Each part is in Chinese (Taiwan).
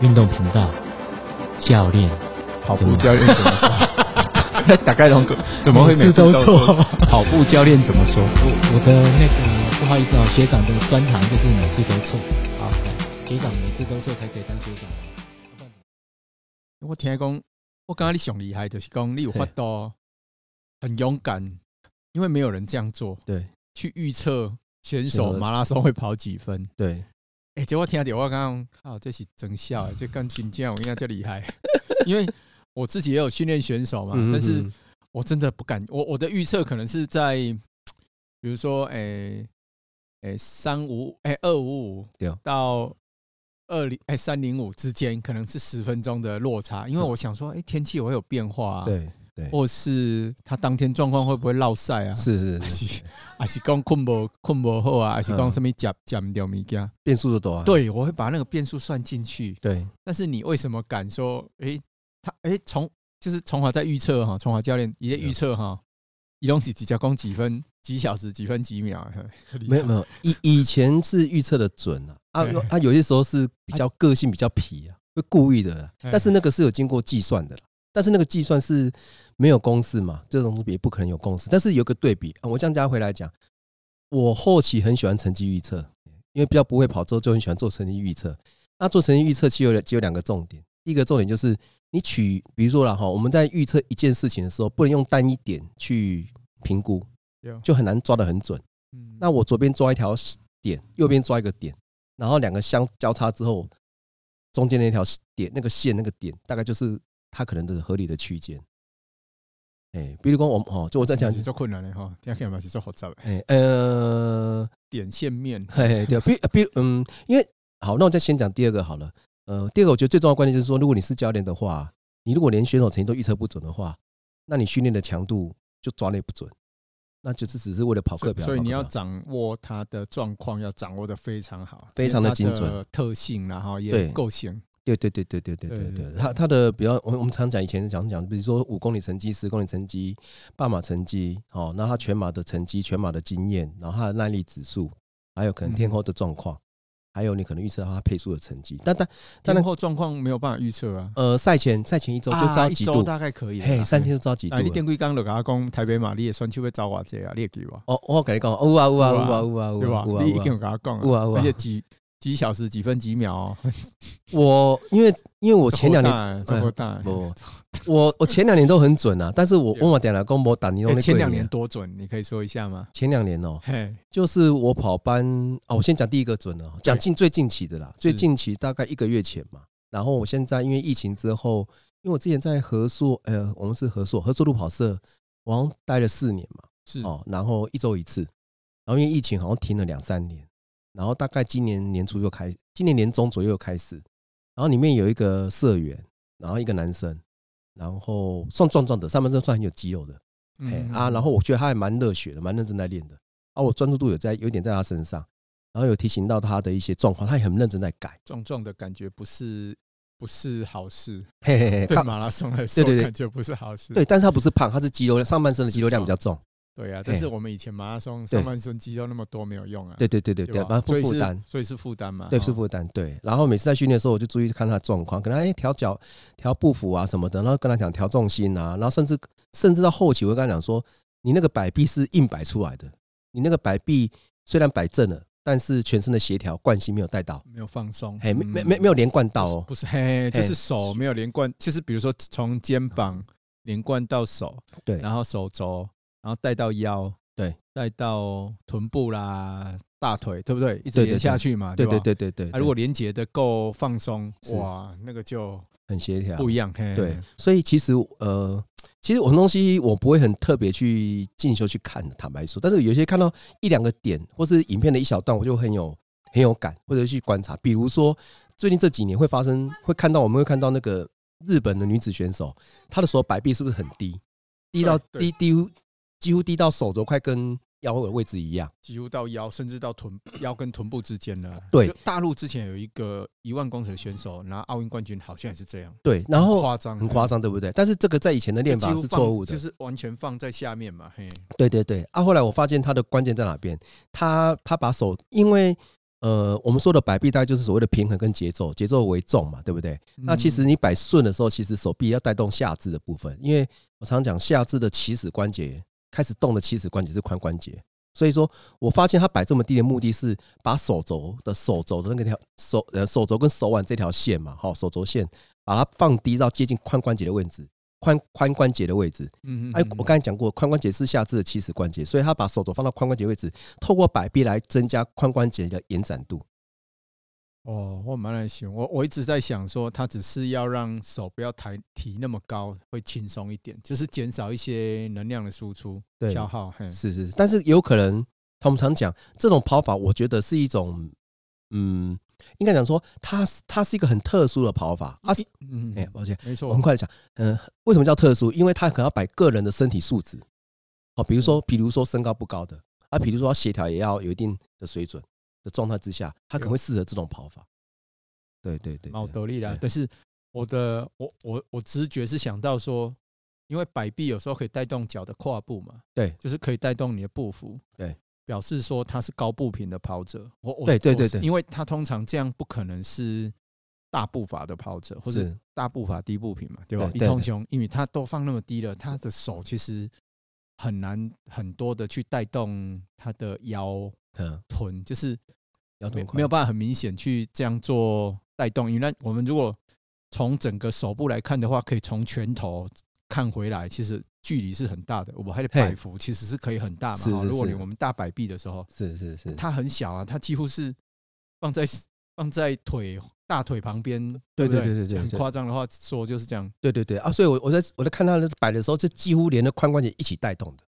運動頻道教練，跑步教練怎，怎麼說？打開龍哥，怎麼會每次都錯？跑步教練怎麼說？我我的那個不好意思啊、喔，學長的專長就是每次都錯。好，學長每次都錯才可以當學長。我聽講，我剛剛你想厲害就是講你有發多很勇敢，因為沒有人這樣做。對，去預測選手馬拉松會跑幾分？對。哎、欸，這我聽到去，我剛剛靠，這是真笑，這剛進教我應該最厲害，因為我自己也有訓練選手嘛，嗯嗯嗯，但是我真的不敢，我我的預測可能是在，比如說，哎、欸，哎、欸，三五哎、欸，二五五，到二零哎、欸、三零五之間，可能是十分鐘的落差，因為我想說，哎、欸，天氣會有變化、啊，對。或是他當天狀況會不會落賽啊？是是,是,還是，還是講困不困不好啊？嗯、還是講什麼減減掉咪家變數的多、啊？對，我會把那個變數算進去。對，但是你為什麼敢說？哎、欸，他哎，從、欸、就是崇華在預測哈，崇華教練也在預測哈，一共是幾加工幾分幾小時幾分幾秒？沒有沒有，以 以前是預測的準啊，啊有，他、啊、有些時候是比較個性比較皮啊，會故意的，但是那個是有經過計算的，但是那個計算是。沒有公式嘛？這種東西也不可能有公式，但是有個對比啊，我這樣加回來講，我後期很喜歡成績預測，因為比較不會跑之後就很喜歡做成績預測。那做成績預測其實有只有兩個重點，第一個重點就是你取，比如說了哈，我們在預測一件事情的時候，不能用單一點去評估，就很難抓的很準。嗯，那我左邊抓一條點，右邊抓一個點，然後兩個相交叉之後，中間那條點、那個線、那個點，大概就是它可能的合理的區間。哎、欸，比如說我們哈，就我在講是做困難的哈，哦、天天看的是做複雜。哎、欸，呃，點線面，嘿，對，比如、呃、比如，嗯，因為好，那我再先講第二個好了。呃，第二個我覺得最重要關鍵就是說，如果你是教練的話，你如果連選手成績都預測不準的話，那你訓練的強度就抓得也不準，那就是只是為了跑課表。所以你要掌握它的狀況，要掌握的非常好，非常的精準特性，然後也夠型。對對對對對對對，對，他他的，比較我們我們常講以前是講講，比如說五公里成績、十公里成績、半馬成績，哦，那他全馬的成績、全馬的經驗，然後他的耐力指數，還有可能天候的狀況，還有你可能預測到他配速的成績、嗯，但但天候但天候狀況沒有辦法預測啊、呃、啊。呃，賽前賽前一周就招一周大概可以，嘿，三天就招幾度、啊。那你電龜剛就甲講台北馬你也算起要招我這啊，你也給我。哦，我跟你講，有啊有啊有啊有啊有啊，對吧？有啊、你已經甲我講了有、啊有啊有啊，而且幾。幾小時幾分幾秒，哦？我因為因為我前兩年這麼大？我、哎、我我前兩年都很準啊，但是我問我點了公博打尼前兩年多準，你可以說一下嗎？前兩年哦，嘿，就是我跑班哦，我先講第一個準哦，講近最近期的啦，最近期大概一個月前嘛。然後我現在因為疫情之後，因為我之前在合碩，呃，我們是合碩合碩路跑社，我好像待了四年嘛，是哦。然後一周一次，然後因為疫情好像停了兩三年。然後大概今年年初又開，今年年中左右又開始。然後裡面有一個社員，然後一個男生，然後算壯壯的，上半身算很有肌肉的。哎啊，然後我覺得他還蠻熱血的，蠻認真在練的。啊，我專注度有在，有點在他身上，然後有提醒到他的一些狀況，他也很認真在改。壯壯的感覺不是不是好事，嘿嘿嘿，對馬拉松來說，對對對，感覺不是好事。對，但是他不是胖，他是肌肉，上半身的肌肉量比較重。對啊，但是我們以前馬拉松上半身肌肉那麼多沒有用啊。對對對對，對，所以是負擔，所以是負擔嘛。對，是負擔。對，然後每次在訓練的時候，我就注意看他的狀況，跟他哎調腳、調步幅啊什麼的，然後跟他講調重心啊，然後甚至甚至到後期，我跟他講說，你那個擺臂是硬擺出來的，你那個擺臂雖然擺正了，但是全身的協調慣性沒有帶到，沒有放鬆，哎，沒、嗯、沒沒沒有連貫到哦、喔，不是，嘿，就是手沒有連貫，就是比如說從肩膀連貫到手，對、嗯，然後手肘。然後帶到腰，對，帶到臀部啦、大腿，對不對？一直連下去嘛，對吧？對對對，對，對，對、啊、如果連接的夠放鬆，哇，那個就很協調。不一樣，對，對。所以其實呃，其實我很多東西我不會很特別去進修去看的，坦白說。但是有些看到一兩個點，或是影片的一小段，我就很有很有感，或者去觀察。比如說最近這幾年會發生，會看到我們會看到那個日本的女子選手，她的手擺臂是不是很低，低到低低。對對幾乎低到手肘快跟腰的位置一樣，幾乎到腰，甚至到臀腰跟臀部之間了。對，大陸之前有一個一萬公尺的選手拿奧運冠軍，好像也是這樣。對，然後很誇張，很誇張，對不對？但是這個在以前的練法是錯誤的，就是完全放在下面嘛。對對對。啊，後來我發現他的關鍵在哪邊？他他把手，因為呃，我們說的擺臂帶就是所謂的平衡跟節奏，節奏為重嘛，對不對？那其實你擺順的時候，其實手臂要帶動下肢的部分，因為我常講下肢的起始關節。開始動的起始關節是髖關節，所以說我發現他擺這麼低的目的是把手肘的手肘的那個條手，呃手肘跟手腕這條線嘛，好手肘線，把它放低到接近髖關節的位置，髖髖關節的位置，嗯嗯，哎，我剛才講過髖關節是下肢的起始關節，所以他把手肘放到髖關節位置，透過擺臂來增加髖關節的延展度。哦，我蠻喜歡我，我一直在想說，它只是要讓手不要抬提那麼高，會輕鬆一點，就是減少一些能量的輸出對消耗對。是是，但是有可能，我們常講這種跑法，我覺得是一種，嗯，應該講說它它是一個很特殊的跑法。啊，是、嗯，哎、欸，抱歉，沒錯，我很快講。嗯、呃，為什麼叫特殊？因為它可能要擺個人的身體素質。哦，比如說，比如說身高不高的，啊，比如說協調，也要有一定的水準。狀態之下，他可能會適合這種跑法。對對對，有道理啦。但是我的我我我直覺是想到說，因為擺臂有時候可以帶動腳的跨步嘛。對，就是可以帶動你的步幅。對，表示說他是高步頻的跑者。我對對對，因為他通常這樣不可能是大步伐的跑者，或者大步伐低步頻嘛，對吧？一通胸，因為他都放那麼低了，他的手其實很難很多的去帶動他的腰、臀，就是。沒有辦法很明顯去，這樣做帶動，因為我們如果從整個手部來看的話，可以從拳頭看回來，其實距離是很大的。我們還得擺幅，其實是可以很大嘛。哦，如果我們大擺臂的時候，是是是，它很小啊，它幾乎是放在放在腿大腿旁邊。對對對對，很誇張的話說就是這樣。對對對啊，所以我我在我在看他的擺的時候，是幾乎連着髖關節一起帶動的。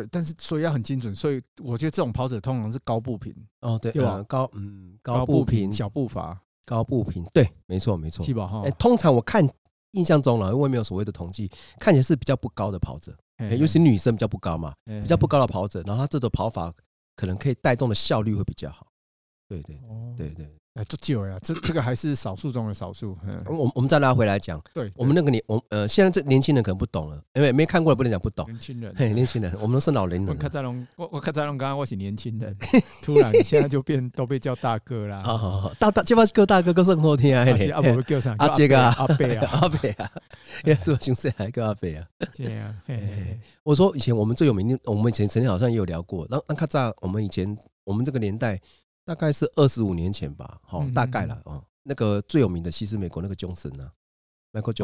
對，但是所以要很精準，所以我覺得這種跑者通常是高步頻哦，對，呃、高嗯高步頻小步伐高步頻，對，沒錯沒錯。七、欸、通常我看印象中了，因為沒有所謂的統計，看起來是比較不高的跑者，嘿嘿欸、尤其女生比較不高嘛，嘿嘿比較不高的跑者，然後他這種跑法可能可以帶動的效率會比較好，對對對、哦、對，對。哎，足球呀，這咳咳這個還是少數中的少數。嗯、我我們再拉回來講、嗯，對，我們那個年，我呃，現在這年輕人可能不懂了，因為沒看過的不能講不懂。年輕人、嗯嘿，年輕人，我們都是老年人。卡扎龍，我我卡扎龍剛剛我是年輕人， 突然現在就變都被叫大哥啦 大大叫大哥，大哥更是好聽啊！阿杰哥，啊啊、阿伯啊，阿伯 啊，要做刑事還一個阿伯，哈哈阿伯 啊。這樣，我說以前我們最有名的，我們以前曾經好像也有聊過。那那卡扎，我們以前我們這個年代。 啊 大概是二十五年前吧，好，大概了，嗯嗯、那個最有名的，其實美國那個 Johnson、啊、Michael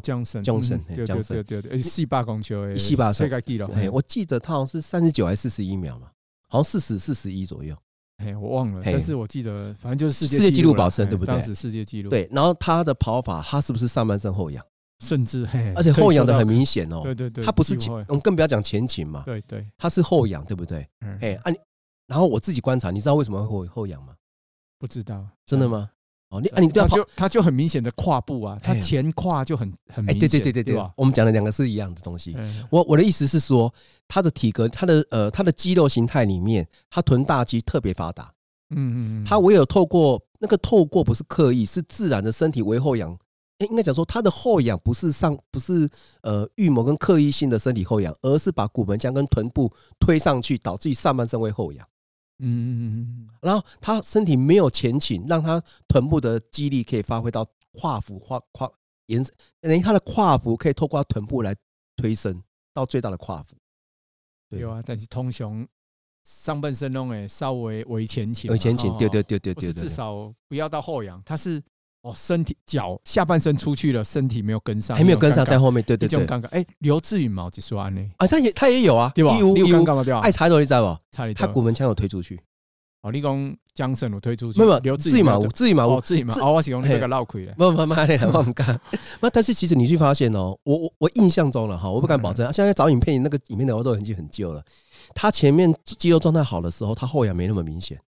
Johnson，Johnson，Johnson、啊 Johnson 嗯，Johnson 對對對對，四百公尺，四百，世界紀錄。嘿，我記得他好像是三十九還是四十一秒嘛，好像四十四十一左右。哎，我忘了，欸，但是我記得，反正就是世界紀錄保持，對不對，嗯？當時世界紀錄。對，然後他的跑法，他是不是上半身後仰？甚至，嘿，而且後仰的很明顯哦。對對對，他不是前，我們更不要講前傾嘛。對對、對，他是後仰，對不對？嗯，哎，然後我自己觀察，你知道為什麼會後仰嗎？不知道，真的嗎？哦，你啊，你這樣就他就很明顯的跨步啊，他前跨就很很明顯。對、欸、對對對對，對我們講的兩個是一樣的東西。我我的意思是說，他的體格，他的呃，他的肌肉形態裡面，他臀大肌特別發達。嗯嗯嗯，他唯有透過那個透過不是刻意，是自然的身體為後仰。哎、欸，應該講說他的後仰不是上不是呃預謀跟刻意性的身體後仰，而是把骨盆腔跟臀部推上去，導致於上半身為後仰。嗯嗯嗯嗯嗯，然後他身體沒有前傾，讓他臀部的肌力可以發揮到跨幅、胯胯沿，等於他的跨幅可以透過臀部來推伸到最大的跨幅。嗯嗯嗯嗯嗯嗯嗯，有啊，但是通常上半身弄，誒，稍微微前傾。微前傾，對對對對對。至少不要到後仰，他是。哦、身體腳下半身出去了，身體沒有跟上，還沒有跟上，尖尖尖尖在後面，對對對尖尖，欸、對對對這種尷尬。哎，劉志宇嘛就說呢，啊，他也他也有啊，對吧？愛插對有尖尖你知不？插你尖尖，他骨盆腔有推出去。哦，你講江森我推出去，沒有，沒有。劉志宇嘛，我志宇嘛，我志宇嘛。哦，我是講那個繞腿的、欸，沒沒沒沒不不不，那很尷尬。那但是其實你去發現哦、喔，我我我印象中了、啊、哈，我不敢保證。嗯嗯現在，在找影片那個裡面的我都已經很舊了。他前面肌肉狀態好的時候，他後仰沒那麼明顯。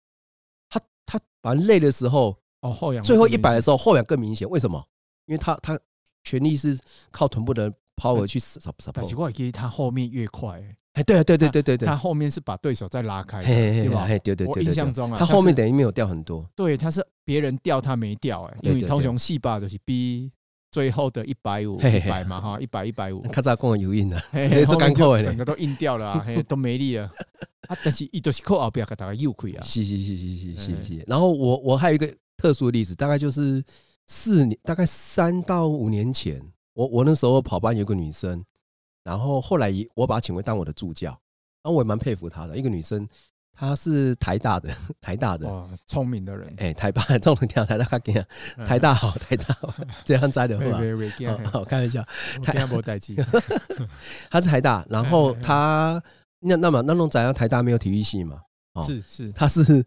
他他反正累的時候。哦，後仰最後一百的時候，後仰更明顯。為什麼？因為他他全力是靠臀部的 power，r 去拋。但是奇怪，其實他後面越快，哎，對啊，對對對對對、對。他，他後面是把對手再拉開，對、對、對，對吧？對對對。印象中啊，他後面等於沒有掉很多。對，他是別人掉，他沒掉。哎，因為通常四百都是比最後的一百五、一百嘛，哈，一百一百五。看咋講有印了，哎，這乾枯了，整個都印掉了啊， 都沒力了。啊，但是一直是靠奧比克打的右腿啊。是是是是是、是。然後我我還有一個。特殊例子大概就是四年，大概三到五年前，我我那時候跑班有一個女生，然後後來一我把她請回當我的助教，那、啊、我也蠻佩服她的。一個女生，她是台大的，台大的，哇，聰明的人，哎、欸，台大，這樣台大，台大好，台大，好台大好這樣摘的話，對吧？好、喔、看一下，他不帶氣，他是台大，然後他那那麼那種怎樣？台大沒有體育系嘛？喔、是是，他是。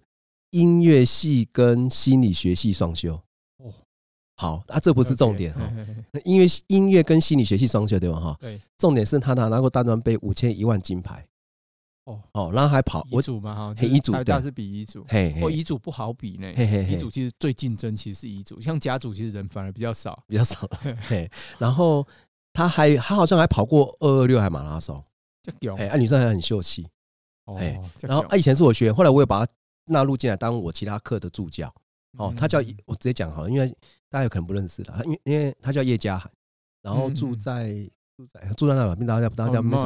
音樂系跟心理學系雙修哦，好啊，這不是重點哈。音樂音樂跟心理學系雙修對嗎？哈，重點是他拿過大專杯五千一萬金牌哦哦，然後還跑我組嘛哈，乙組大是比乙組，嘿，乙組不好比呢，欸，嘿嘿，乙組其實最競爭，其實是乙組像甲組其實人反而比較少，比較少，嘿，嘿。然後他還他好像還跑過二二六還馬拉松，哎，女生還很秀氣，哎。然後他，啊、以前是我學員，後來我也把他。納入進來當我其他課的助教哦、嗯，他叫我直接講好了，因為大家有可能不認識了。因為因為他叫葉嘉涵，然後住在住在住在那邊，大家不知道叫什麼，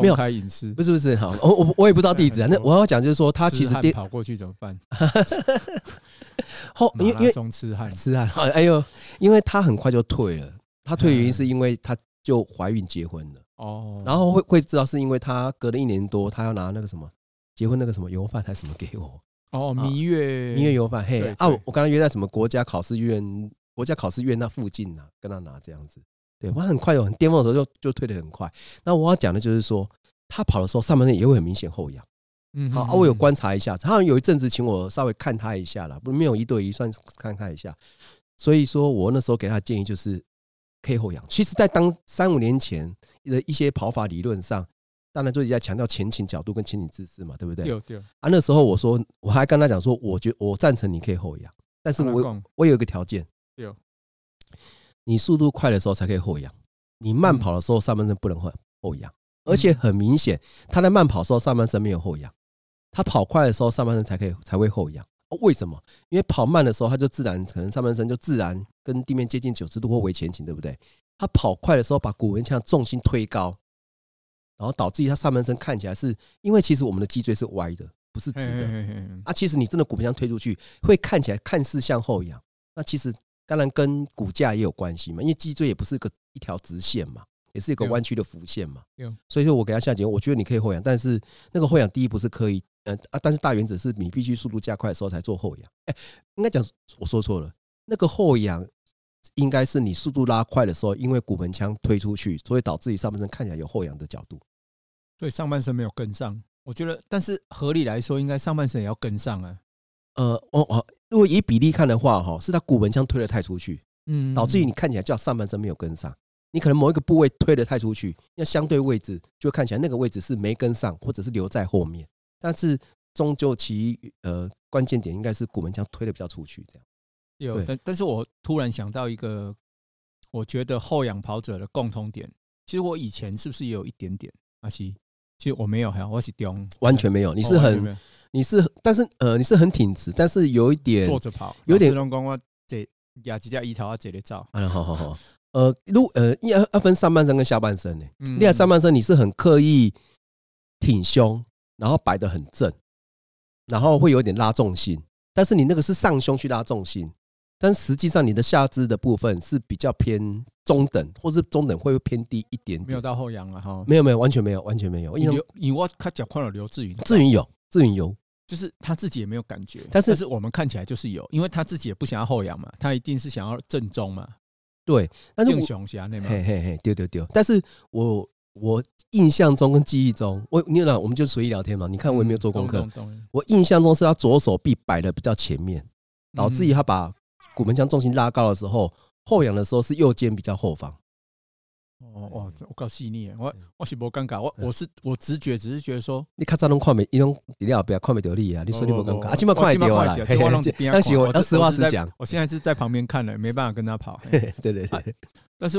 沒有開隱私，不是不是好，我我我也不知道地址、啊。那我要講就是說，他其實跑過去怎麼辦？ 後、哦、因為因為吃漢吃漢哎呦，因為他很快就退了，他退的原因是因為他就懷孕結婚了哦，然後會會知道是因為他隔了一年多，他要拿那個什麼結婚那個什麼油飯還是什麼給我。哦，蜜月蜜、啊、月遊法嘿對對對啊！我剛才約在什麼國家考試院？國家考試院那附近吶、啊，跟他拿這樣子。對，我很快有很巔峰的時候，就就退的很快。那我要講的就是說，他跑的時候上半身也會很明顯後仰。嗯，好啊，我有觀察一下，他好像有一陣子請我稍微看他一下啦，不沒有一對一，算是看他一下。所以說我那時候給他建議就是，k 後仰。其實，在當三五年前的一些跑法理論上。當然，就一直在強調前傾角度跟前傾姿勢嘛，對不對？有，有啊。那時候我說，我還跟他講說，我覺得我贊成你可以後仰，但是我我有一個條件，對，你速度快的時候才可以後仰，你慢跑的時候上半身不能後後仰、嗯，而且很明顯，他在慢跑的時候上半身沒有後仰，他跑快的時候上半身才可以才會後仰、哦。為什麼？因為跑慢的時候他就自然可能上半身就自然跟地面接近九十度或微前傾，對不對？他跑快的時候把骨盆腔重心推高。然後導致於他上半身看起來是，因為其實我們的脊椎是歪的，不是直的。啊，其實你真的骨盆向推出去，會看起來看似向後仰。那其實當然跟骨架也有關係嘛，因為脊椎也不是個一條直線嘛，也是一個彎曲的弧線嘛、嗯嗯嗯。所以說我給他下結論，我覺得你可以後仰，但是那個後仰，第一不是可以，呃啊，但是大原則是你必須速度加快的時候才做後仰。哎，應該講我說錯了，那個後仰。應該是你速度拉快的時候，因為骨盆腔推出去，所以導致你上半身看起來有後仰的角度。對，上半身沒有跟上，我覺得，但是合理來說，應該上半身也要跟上啊。呃，哦哦，如果以比例看的話，哈、哦，是他骨盆腔推得太出去，嗯，嗯，嗯嗯、導致於你看起來叫上半身沒有跟上。你可能某一個部位推得太出去，那相對位置就看起來那個位置是沒跟上，或者是留在後面。但是終究其呃關鍵點應該是骨盆腔推得比較出去，這樣。有，但但是我突然想到一個，我覺得後仰跑者的共通點，其實我以前是不是也有一點點？阿、啊、西，其實我沒有，還我是吊、啊，完全沒有。你是很，哦，你是，但是呃，你是很挺直，但是有一點坐着跑，有點光光這牙齒牙一條阿這裡照嗯，好好好 、呃。呃，如呃，因要要分上半身跟下半身呢、欸。練嗯嗯上半身你是很刻意挺胸，然後擺得很正，然後會有點拉重心、嗯，但是你那個是上胸去拉重心。但實際上，你的下肢的部分是比較偏中等，或是中等會偏低一點點，沒有到後仰了，啊、哈，沒有沒有，完全沒有完全沒有。因為，因為，我看腳踝劉志雲，志雲有，志雲有，就是他自己也沒有感覺，但是，但是我們看起來就是有，因為他自己也不想要後仰嘛，他一定是想要正中嘛。對，但是我，嘿嘿嘿，丟丟丟。但是我我印象中跟記憶中，我你講，我們就隨意聊天嘛。你看我也沒有做功課，嗯，我印象中是他左手臂擺的比較前面，導致於他把。骨盆將重心拉高的時候，後仰的時候是右肩比較後方。哦哦，我告訴你我我是不尷尬，我我是我直覺只是覺得說，你都看不他都在你後面看不到你了，你弄底料不要看沒得力啊，你說你不尷尬，哦哦？啊，看得到了，嘿、嘿但是我，我實話實講，我現在是在旁邊看了，沒辦法跟他跑。嘿嘿對對對，但是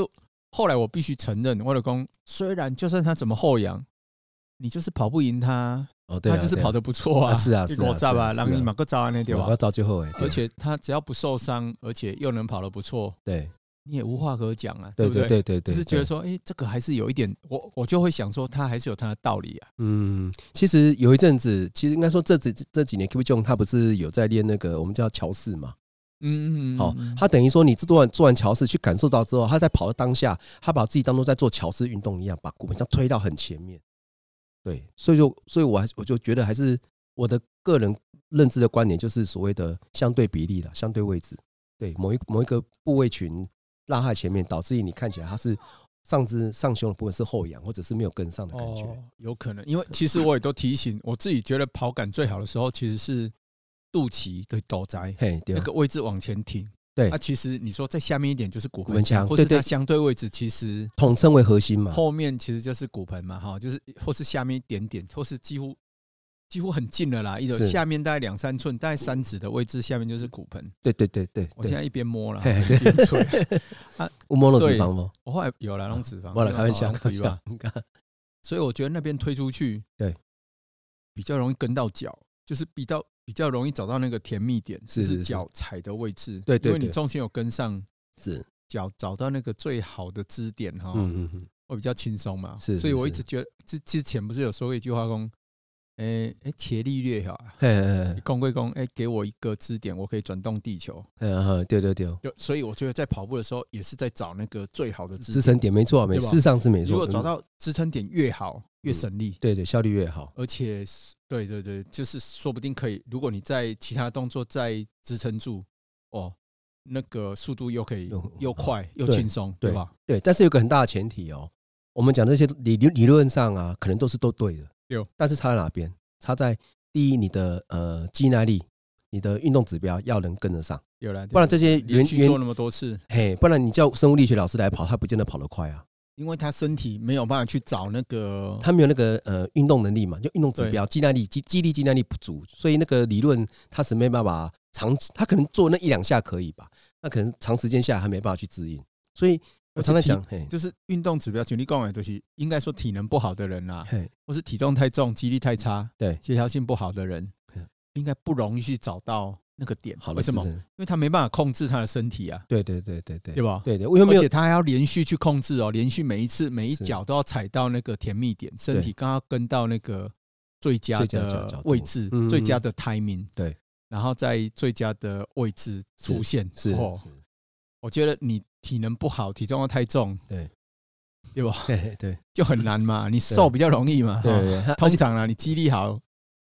後來我必須承認，我老公雖然就算他怎麼後仰，你就是跑不贏他。.哦，對、啊，他就是跑的不錯啊，是啊，是啊我閘、啊啊啊、吧，讓你馬哥啊，那點馬哥找最後哎，而且他只要不受傷，而且又能跑的不錯，對，你也無話可講啊對，對不對？對對對,對，就是覺得說，哎、欸，這個還是有一點，我我就會想說，他還是有他的道理啊。嗯，其實有一陣子，其實應該說這幾，這這這幾年 Kipchoge 他不是有在練那個我們叫橋式嘛？嗯嗯，嗯，好，他等於說你做完做完橋式去感受到之後，他在跑的當下，他把自己當做在做橋式運動一樣，把骨盆像推到很前面。對，所以就所以我我就覺得還是我的個人認知的觀點，就是所謂的相對比例的相對位置，對某一某一個部位群拉在前面，導致於你看起來它是上肢上胸的部分是後仰或者是沒有跟上的感覺。哦，有可能，因為其實我也都提醒我自己，覺得跑感最好的時候其實是肚臍的倒在，嘿，那個位置往前挺。對、啊，那其實你說在下面一點就是骨盆腔或是它相對位置，其實統稱為核心嘛。後面其實就是骨盆嘛，哈，就是或是下面一點點，或是幾乎幾乎很近了啦，一個下面大概兩三寸，大概三指的位置，下面就是骨盆。對對對對，我現在一邊摸了，啊，我摸到脂肪嗎？我後來有來弄脂肪，我開玩笑可以吧？所以我覺得那邊推出去對比較容易跟到腳，就是比較。比較容易找到那個甜蜜點，就是腳踩的位置，對，對，對，因為你重心有跟上，是，腳找到那個最好的支點哈，嗯嗯嗯，會比較輕鬆嘛，是，是，所以我一直覺得，之之前不是有說過一句話說，公、欸，哎、欸、哎，伽利略哈、啊，公歸公，哎、欸，給我一個支點，我可以轉動地球，嗯哼，對對對，對就，所以我覺得在跑步的時候也是在找那個最好的支撐點，點沒錯、啊，沒錯，事實上是沒錯，如果找到支撐點越好，越省力，嗯，對對，效率越好。而且，對對對，就是說不定可以。如果你在其他動作再支撐住，哦，那個速度又可以又快又輕鬆，嗯對對，對吧？對，但是有個很大的前提哦，我們講這些理理論上啊，可能都是都對的。有，但是差在哪邊？差在第一，你的呃，肌耐力，你的運動指標要能跟得上。有啦，不然這些連續做那麼多次，嘿，不然你叫生物力學老師來跑，他不見得跑得快啊。因為他身體沒有辦法去找那個，他沒有那個呃運動能力嘛，就運動指標、肌耐力、肌肌力、肌耐力不足，所以那個理論他是沒辦法長，他可能做那一兩下可以吧，那可能長時間下來還沒辦法去指引。所以我常常想，嘿就是運動指標，聽你講的東、就、西、是、應該說體能不好的人啦、啊，嘿或是體重太重、肌力太差、對協調性不好的人，應該不容易去找到。那個點，為什麼？因為他沒辦法控制他的身體啊。對對對對對，對吧？對對，為什麼？而且他還要連續去控制哦、喔，連續每一次每一腳都要踩到那個甜蜜點，身體剛剛跟到那個最佳的位置，最，嗯、最佳的 timing。對，對，然後在最佳的位置出現。是，我覺得你體能不好，體重又太重，對，對吧？對對，對，就很難嘛。你瘦比較容易嘛。對，對，喔、通常啊，你肌力好。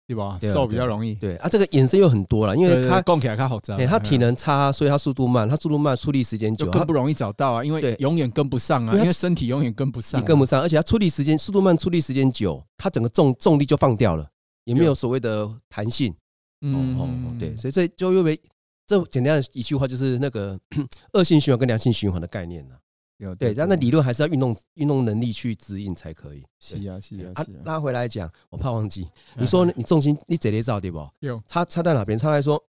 對吧？對對對對，瘦比較容易對。對啊，這個衍生又很多了，因為他供起來他好找，對，對，他體能差，所以他速度慢，他速度慢，出力時間就更不容易找到啊，因為永遠跟不上啊，因為，因為身體永遠跟不上、啊，你跟不上，而且他出力時間速度慢，出力時間久，他整個重重力就放掉了，也沒有所謂的彈性。對，嗯嗯，對，所以這就因為這簡單的一句話就是那個惡性循環跟良性循環的概念、啊有對，但那理論還是要運動運動能力去指引才可以、嗯。是啊，是啊，是、啊。啊啊、拉回來講，我怕忘記。你說你重心你怎嚟照對不？有。差差在哪邊？差在說，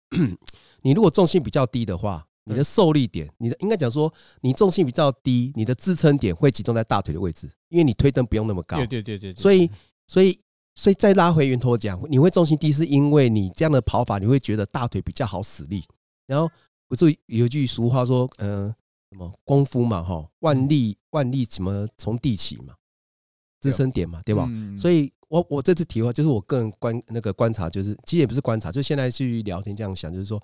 你如果重心比較低的話，你的受力點，你的應該講說，你重心比較低，你的支撐點會集中在大腿的位置，因為你推蹬不用那麼高。對對對對。所以所以所以再拉回源頭講，你會重心低，是因為你這樣的跑法，你會覺得大腿比較好使力。然後我注意有句俗話說，嗯。什麼功夫嘛？哈，萬力萬力怎麼從地起嘛？支撐點嘛，對吧？嗯？所以，我我這次提話就是我個人觀那個觀察，就是其實也不是觀察，就現在去聊天這樣想，就是說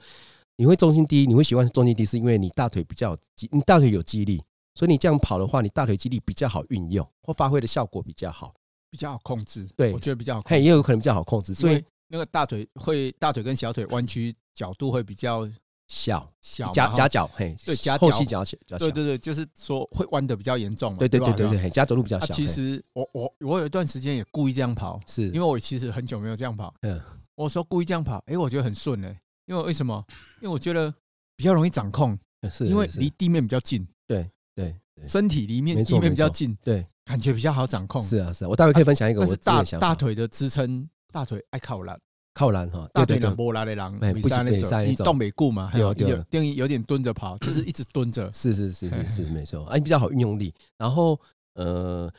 你會重心低，你會喜歡重心低，是因為你大腿比較，你大腿有肌力，所以你這樣跑的話，你大腿肌力比較好運用或發揮的效果比較好，比較好控制。對，我覺得比較，嘿，也有可能比較好控制，所以那個大腿會大腿跟小腿彎曲角度會比較。小小夾夾腳，嘿，對夾後膝夾腳，對對對，就是說會彎得比較嚴重，對對對對對,對,對,對,對，夾走路比較小。啊、其實我我我有一段時間也故意這樣跑，是因為我其實很久沒有這樣跑，嗯，我說故意這樣跑，哎、欸，我覺得很順哎、欸，因為為什麼？因為我覺得比較容易掌控，嗯、是，因為離地,地面比較近，對對,對，身體離面地面比較近，對，感覺比較好掌控。是啊，是啊，我待會可以分享一個我、啊、大大腿的支撐，大腿愛靠欄。靠籃哈、哦哦哦，大背囊、波拉的籃，美三的走，你東北固嘛，有有點有點蹲着跑，就是一直蹲着， 是是是是是嘿嘿沒錯，啊，你比較好運用力，然後呃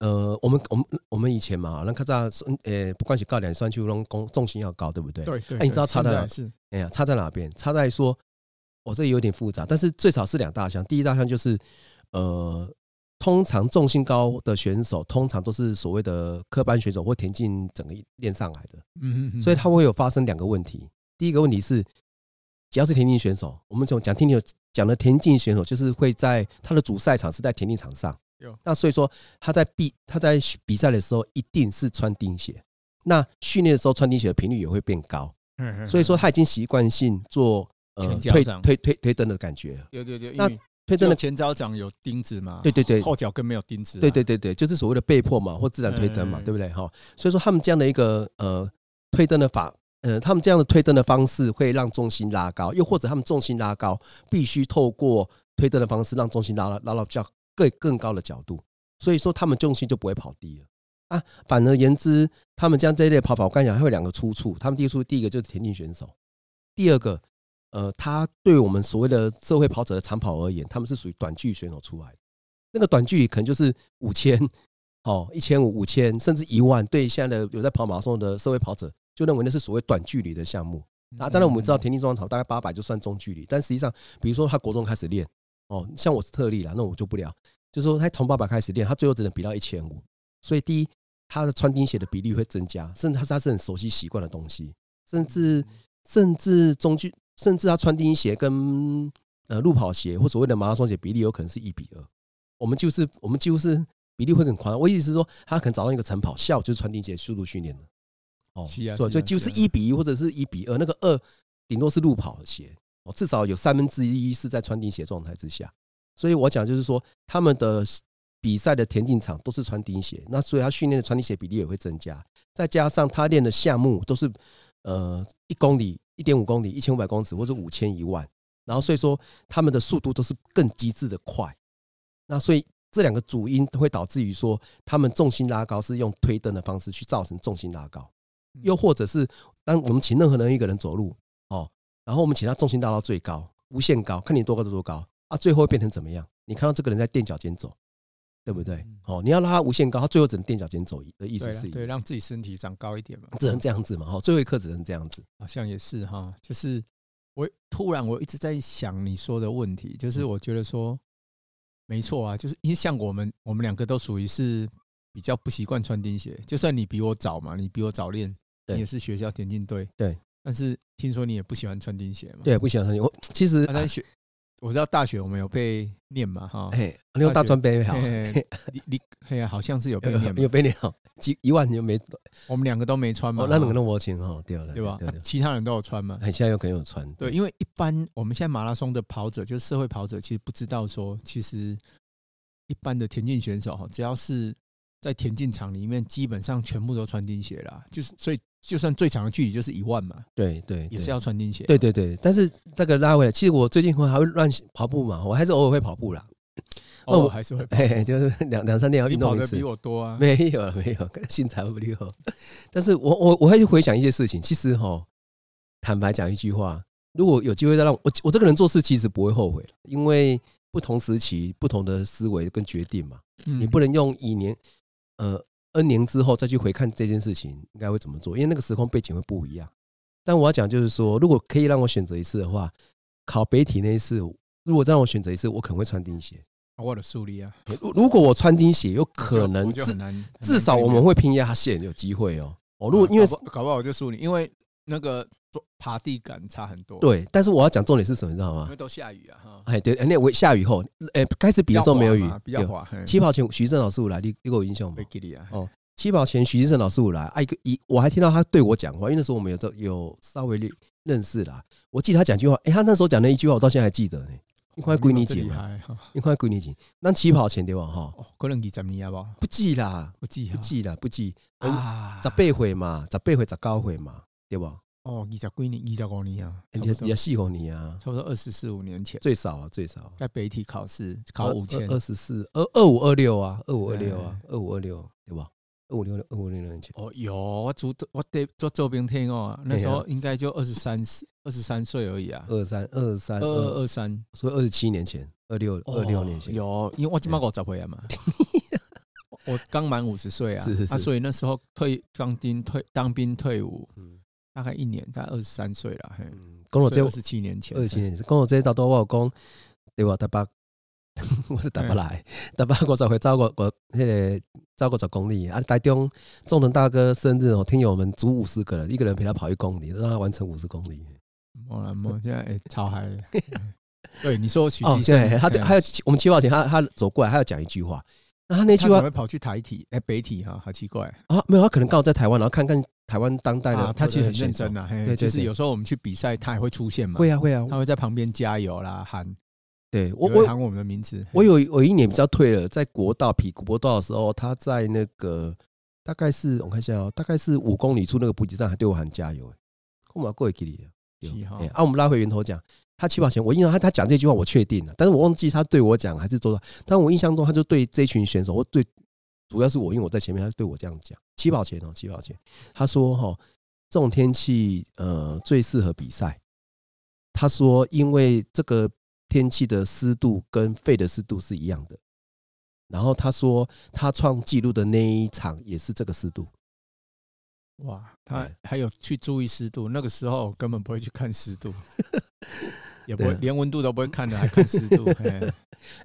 呃，我們我們我們以前嘛，那喀扎孫，呃，不管是高點、雙區、烏龍，重心要高，對不對？對對，對，那、啊、你知道差在哪？在是，哎呀，差在哪邊？差在說，我這有點複雜，但是最少是兩大項，第一大項就是呃。通常重心高的選手，通常都是所謂的科班選手或田徑整個練上來的，嗯嗯嗯，所以他會有發生兩個問題。第一個問題是，只要是田徑選手，我們從講田徑講的田徑選手，就是會在他的主賽場是在田徑場上，有，那所以說他在比他在比賽的時候一定是穿釘鞋，那訓練的時候穿釘鞋的頻率也會變高，嗯，所以說他已經習慣性做呃推推推推蹬的感覺，有有有那。推蹬的前腳掌有釘子嗎？對對對，後腳跟沒有釘子啊。對對對對，就是所謂的被迫嘛，或自然推蹬嘛，對不對哈？所以說他們這樣的一個呃推蹬的法，呃他們這樣的推蹬的方式會讓重心拉高，又或者他們重心拉高必須透過推蹬的方式讓重心拉拉，拉到比較更更高的角度，所以說他們重心就不會跑低了啊。反而言之，他們這樣這一類跑法，我剛才講還有兩個出處，他們第一處第一個就是田徑選手，第二個。呃，他對我們所謂的社會跑者的長跑而言，他們是屬於短距離選手出來的。那個短距離可能就是五千哦，一千五、五千甚至一萬。對現在的有在跑馬拉松的社會跑者，就認為那是所謂短距離的項目啊。當然我們知道田徑中長跑大概八百就算中距離，但實際上，比如說他國中開始練哦，像我是特例了，那我就不聊。就是說他從八百開始練，他最後只能比到一千五。所以第一，他的穿釘鞋的比例會增加，甚至他是他是很熟悉習慣的東西，甚至甚至中距。甚至他穿釘鞋跟呃路跑鞋或所謂的馬拉松鞋比例有可能是一比二，我們就是我們幾乎是比例會很寬。我意思是說，他可能找到一個晨跑，下午就是穿釘鞋速度訓練了哦，是啊，所以就是一比一或者是一比二，那個二頂多是路跑鞋哦，喔，至少有三分之一是在穿釘鞋狀態之下。所以我講就是說，他們的比賽的田徑場都是穿釘鞋，那所以他訓練的穿釘鞋比例也會增加，再加上他練的項目都是。呃，一公里、一點五公里、一千五百公尺，或者五千、一萬，然後所以說他們的速度都是更極致的快。那所以這兩個主因都會導致於說，他們重心拉高是用推蹬的方式去造成重心拉高，又或者是當我們請任何人一個人走路哦，然後我們請他重心拉到最高，無限高，看你多高就多高啊，最後變成怎麼樣？你看到這個人在墊腳尖走。對不對？哦、嗯嗯，你要讓他無限高，他最後只能墊腳尖走。的意思是、啊，對，讓自己身體長高一點嘛，只能這樣子嘛。哈，最後一刻只能這樣子、嗯。好像也是哈，就是我突然我一直在想你說的問題，就是我覺得說，沒錯啊，就是因為像我們，我們兩個都屬於是比較不習慣穿釘鞋。就算你比我早嘛，你比我早練，你也是學校田徑隊，對，對。但是聽說你也不喜歡穿釘鞋嘛？對、啊，不喜歡穿釘鞋。我其實、啊。我知道大學我們有被念嘛哈，你用大磚背好，你你嘿，嘿，好像是有被念，有被念好幾一萬就沒，我們兩個都沒穿嘛，那你們那無情哈掉了，對吧？其他人都有穿嘛，現在有很有穿，對，因為一般我們現在馬拉松的跑者，就是社會跑者，其實不知道說，其實一般的田徑選手哈，只要是在田徑場裡面，基本上全部都穿釘鞋了，就是所以。就算最長的距離就是一萬嘛，對對，也是要穿釘鞋。對對對，但是這個拉回來。其實我最近還會亂跑步嘛，我還是偶爾會跑步啦。那哦，我還是會跑步，欸，就是兩兩三天要運動一次。跑得比我多啊？沒？沒有沒有，身材不厲害。但是我我我，我會回想一些事情，其實哈、哦，坦白講一句話，如果有機會再讓我我，我這個人做事，其實不會後悔，因為不同時期不同的思維跟決定嘛，你、嗯、不能用一年呃。N 年之後再去回看這件事情，應該會怎麼做？因為那個時空背景會不一樣。但我要講就是說，如果可以讓我選擇一次的話，考北體那一次，如果再讓我選擇一次，我可能會穿釘鞋。我輸了啊！如如果我穿釘鞋，有可能至至少我們會拼壓線，有機會哦。我如果因為搞不好就輸了，因為。那個爬地感差很多。對，但是我要講重點是什麼，你知道嗎？因為都下雨啊，哈！哎，對，那我下雨後，哎、欸，開始比的時候沒有雨，比較滑，的比較滑。起跑前，徐正老師有來，你給我印象嗎？哦，起跑前，徐正老師有來，哎、啊，一我還聽到他對我講話，因為那時候我們有有稍微的認識啦。我記得他講句話，哎、欸，他那時候講的一句話，我到現在還記得呢、欸。一塊歸你撿嘛，一塊歸你撿。那、啊幾哦、起跑前對吧？哈、哦，可能二十年了吧。不記啦，不記，不記了，不記。啊，十八歲嘛？十八歲？十九歲嘛？對吧？哦，二十幾年，二十幾年啊，二十四五年啊，差不多二十四五年前，五年五年前最少啊，最少在北體考試考五千二,二十四二二五,二六、啊、二,五二六啊，二五二六啊，二五二六，對吧？二五六六，二五六六年前。哦，有我坐我得坐周邊聽哦，那時候應該就二十三歲，二十三歲而已啊，啊二三二三二二三，所以二十七年前，二六二六年前、哦。有，因為我今年五十歲了嘛，啊、 我剛滿五十歲啊，是是是、啊，所以那時候退當兵退當兵退伍。嗯。大概一年，大概二十三歲了。工作只二十七年前，二十七年。前。工作這些都都我講，對吧？他把我是打不來，大不來。我才會跑過我那個跑過十公里。啊，台中眾人大哥生日，我聽友們足五十個人，一個人陪他跑一公里，讓他完成五十公里。哇、嗯，現在哎、欸，超嗨！對， 對你說，徐吉生，哦、對他他還有 我們七寶前他他走過來，他要講一句話。那他那句話會跑去台體，哎、欸，北體哈，好奇怪啊！沒有，他可能剛好在台灣，然後看看。台灣當代的，的、啊、他其實很認真、啊、對，對，其實有時候我們去比賽，他也會出現嘛。會啊會啊，他會在旁邊加油啦，喊。對我、嗯、喊我們的名字。我，我有我一年比較退了，在國道皮古國道的時候，他在那個大概是我看一下哦、喔，大概是五公里處那個補給站，還對我喊加油、欸。我馬過一公里，七號。啊，我們拉回源頭講，他起跑前，我印象他他講這句話，我確定了，但是我忘記他對我講還是做什麼。但我印象中，他就對這群選手，我對主要是我，因為我在前面，他對我這樣講。七寶前哦、喔，七寶前，他說哈、喔，這種天氣呃最適合比賽。他說，因為這個天氣的濕度跟肺的濕度是一樣的。然後他說，他創紀錄的那一場也是這個濕度。哇，他還有去注意濕度？那個時候根本不會去看濕度， 也不會連溫度都不會看的， 還看濕濕度？哎、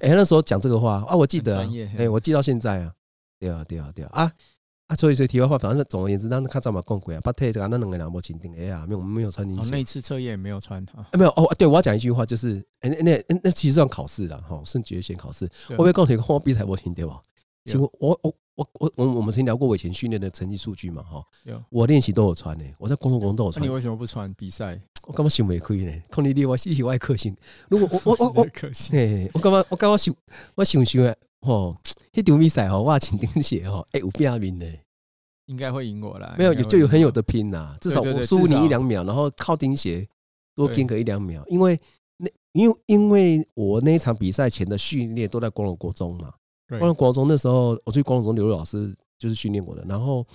欸，那時候講這個話啊，我記得，欸、我記到現在啊，對啊，對啊，對啊，對啊。啊啊、所以所以題外話，反正總而言之，咱看怎麼講鬼啊。白天這個那兩個兩波輕頂哎呀，沒有沒有穿隱形。我、哦、那次測驗也沒有穿啊。啊沒有哦，對我要講一句話就是，那那那，那，那其實算考試了哈，升決賽考試。我被高鐵我比賽波輕，對吧？其實我我我我我我們曾經聊過我以前訓練的成績數據嘛哈。有。我練習都有穿的，我在工作工作有穿。啊、你為什麼不穿比賽？我干嘛想不開呢？看你練我一起，我愛克星。如果我我我我，克星。 我干嘛？我幹嘛秀？我想，秀啊！哦，一丟米賽吼，哇！穿釘鞋吼，哎，我不要、哦欸、命呢，應該會贏我啦。沒有，就有很有得拼啦。至少我輸你一兩秒，對對對，然後靠釘鞋多間隔一兩秒，因為那，因為因為我那一場比賽前的訓練都在光榮國中嘛，光榮國中那時候，我去光榮國中劉老師就是訓練我的，然後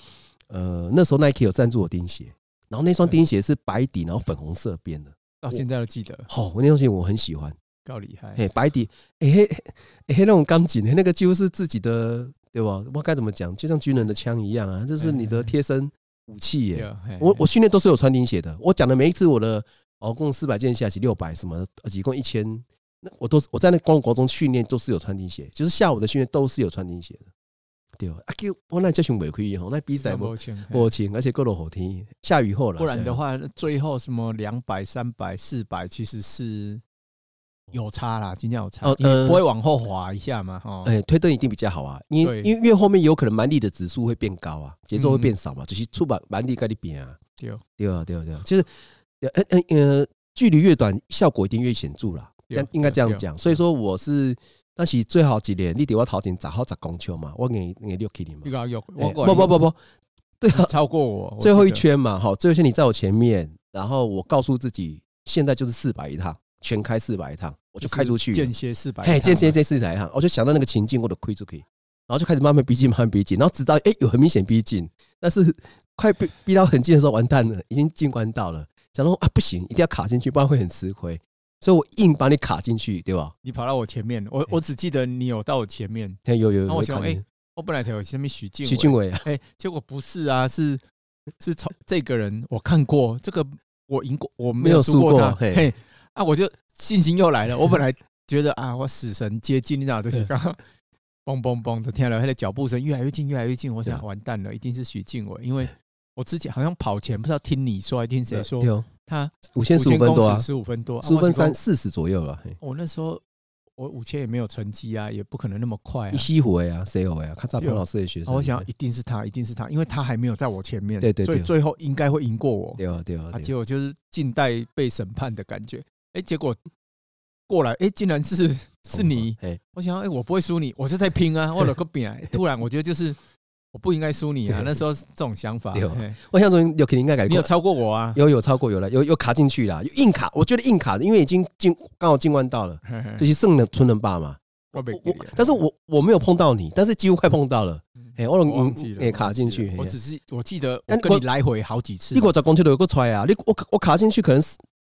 呃，那時候 Nike 有贊助我釘鞋，然後那雙釘鞋是白底，然後粉紅色邊的，到現在都記得、哦。吼，我那雙鞋我很喜歡。夠厲害、欸，誒，白底，誒、欸，黑、欸，誒、欸，那種鋼琴，那個幾乎是自己的，對吧？我該怎麼講？就像軍人的槍一樣啊，這是你的貼身武器耶、欸。我我訓練都是有穿釘鞋的。我講的每一次我的，哦，共四百件下去六百什麼，一共一千，那我都是我在那光國中訓練都是有穿釘鞋，就是下午的訓練都是有穿釘鞋的。對啊，給我那這群違規也好，那比賽不不輕，而且夠了。好聽。下雨後了，不然的話最後什麼兩百、三百、四百，其實是。有差啦，今天有差、嗯，不會往後滑一下嘛。哎，推蹬一定比較好啊，因因為越後面有可能蠻力的指數會變高啊，節奏會變少嘛，就是觸板蠻力跟你比啊，丟丟啊丟啊，就是距離越短，效果一定越顯著啦。應該這樣講。所以說我是，但是最好幾年你得我掏錢，最好砸公球嘛，我給你六 K、欸、你嘛，不不不不，對啊，超過我，我最後一圈嘛，好，最後一圈你在我前面，然後我告訴自己，現在就是四百一趟。全開四百一趟，我就開出去，間歇四百，嘿，間歇間歇四百一趟，我就想到那個情境，我的虧出去，然後就開始慢慢逼近，慢慢逼近，然後直到哎、欸、有很明顯逼近，但是快逼逼到很近的時候，完蛋了，已經進關到了，想說啊不行，一定要卡進去，不然會很吃虧，所以我硬把你卡進去，對吧？你跑到我前面，我我只記得你有到我前面，哎、欸、有有，有有我想哎、欸，我本來想前面許俊許俊偉，哎、啊欸，結果不是啊，是是從這個人我看過，這個我贏過，我沒有輸過他，過嘿。啊，我就信心又來了。我本來覺得啊，我死神接近，你知道這些，剛嘣嘣嘣的，聽到了他的腳步聲越來越近，越來越近。我想完蛋了，一定是許靜偉，因為我之前好像跑前不知道聽你說還是聽誰說，他五千十五分多，十五分多，十五分三四十左右了。我那時候我五千也沒有成績啊，也不可能那麼快，啊一啊。一西湖呀，誰呀？他趙鵬老師的學生。我想要一定是他，一定是他，因為他還沒有在我前面，對對，對，所以最後應該會贏過我。對啊，對啊。他結果就是近代被審判的感覺。哎、欸，結果過來，哎、欸，竟然是是你。哎，我想說，哎、欸，我不會輸你，我是在拼啊。我就拼了！突然，我覺得就是我不應該輸你啊。那時候這種想法，對，欸、我想說有肯定應該改變。你有超過我啊？有有超過，有了，有有卡進去了，有硬卡。我覺得硬卡，因為已經進剛好進彎道了嘿嘿，就是剩的村人霸嘛。我我，我，但是我我沒有碰到你，但是幾乎快碰到了。哎、嗯，我我忘記了、欸、卡進去我，我只是我記得我跟你來回好幾次。一個在公車都有個踹啊！你我我卡進去，可能是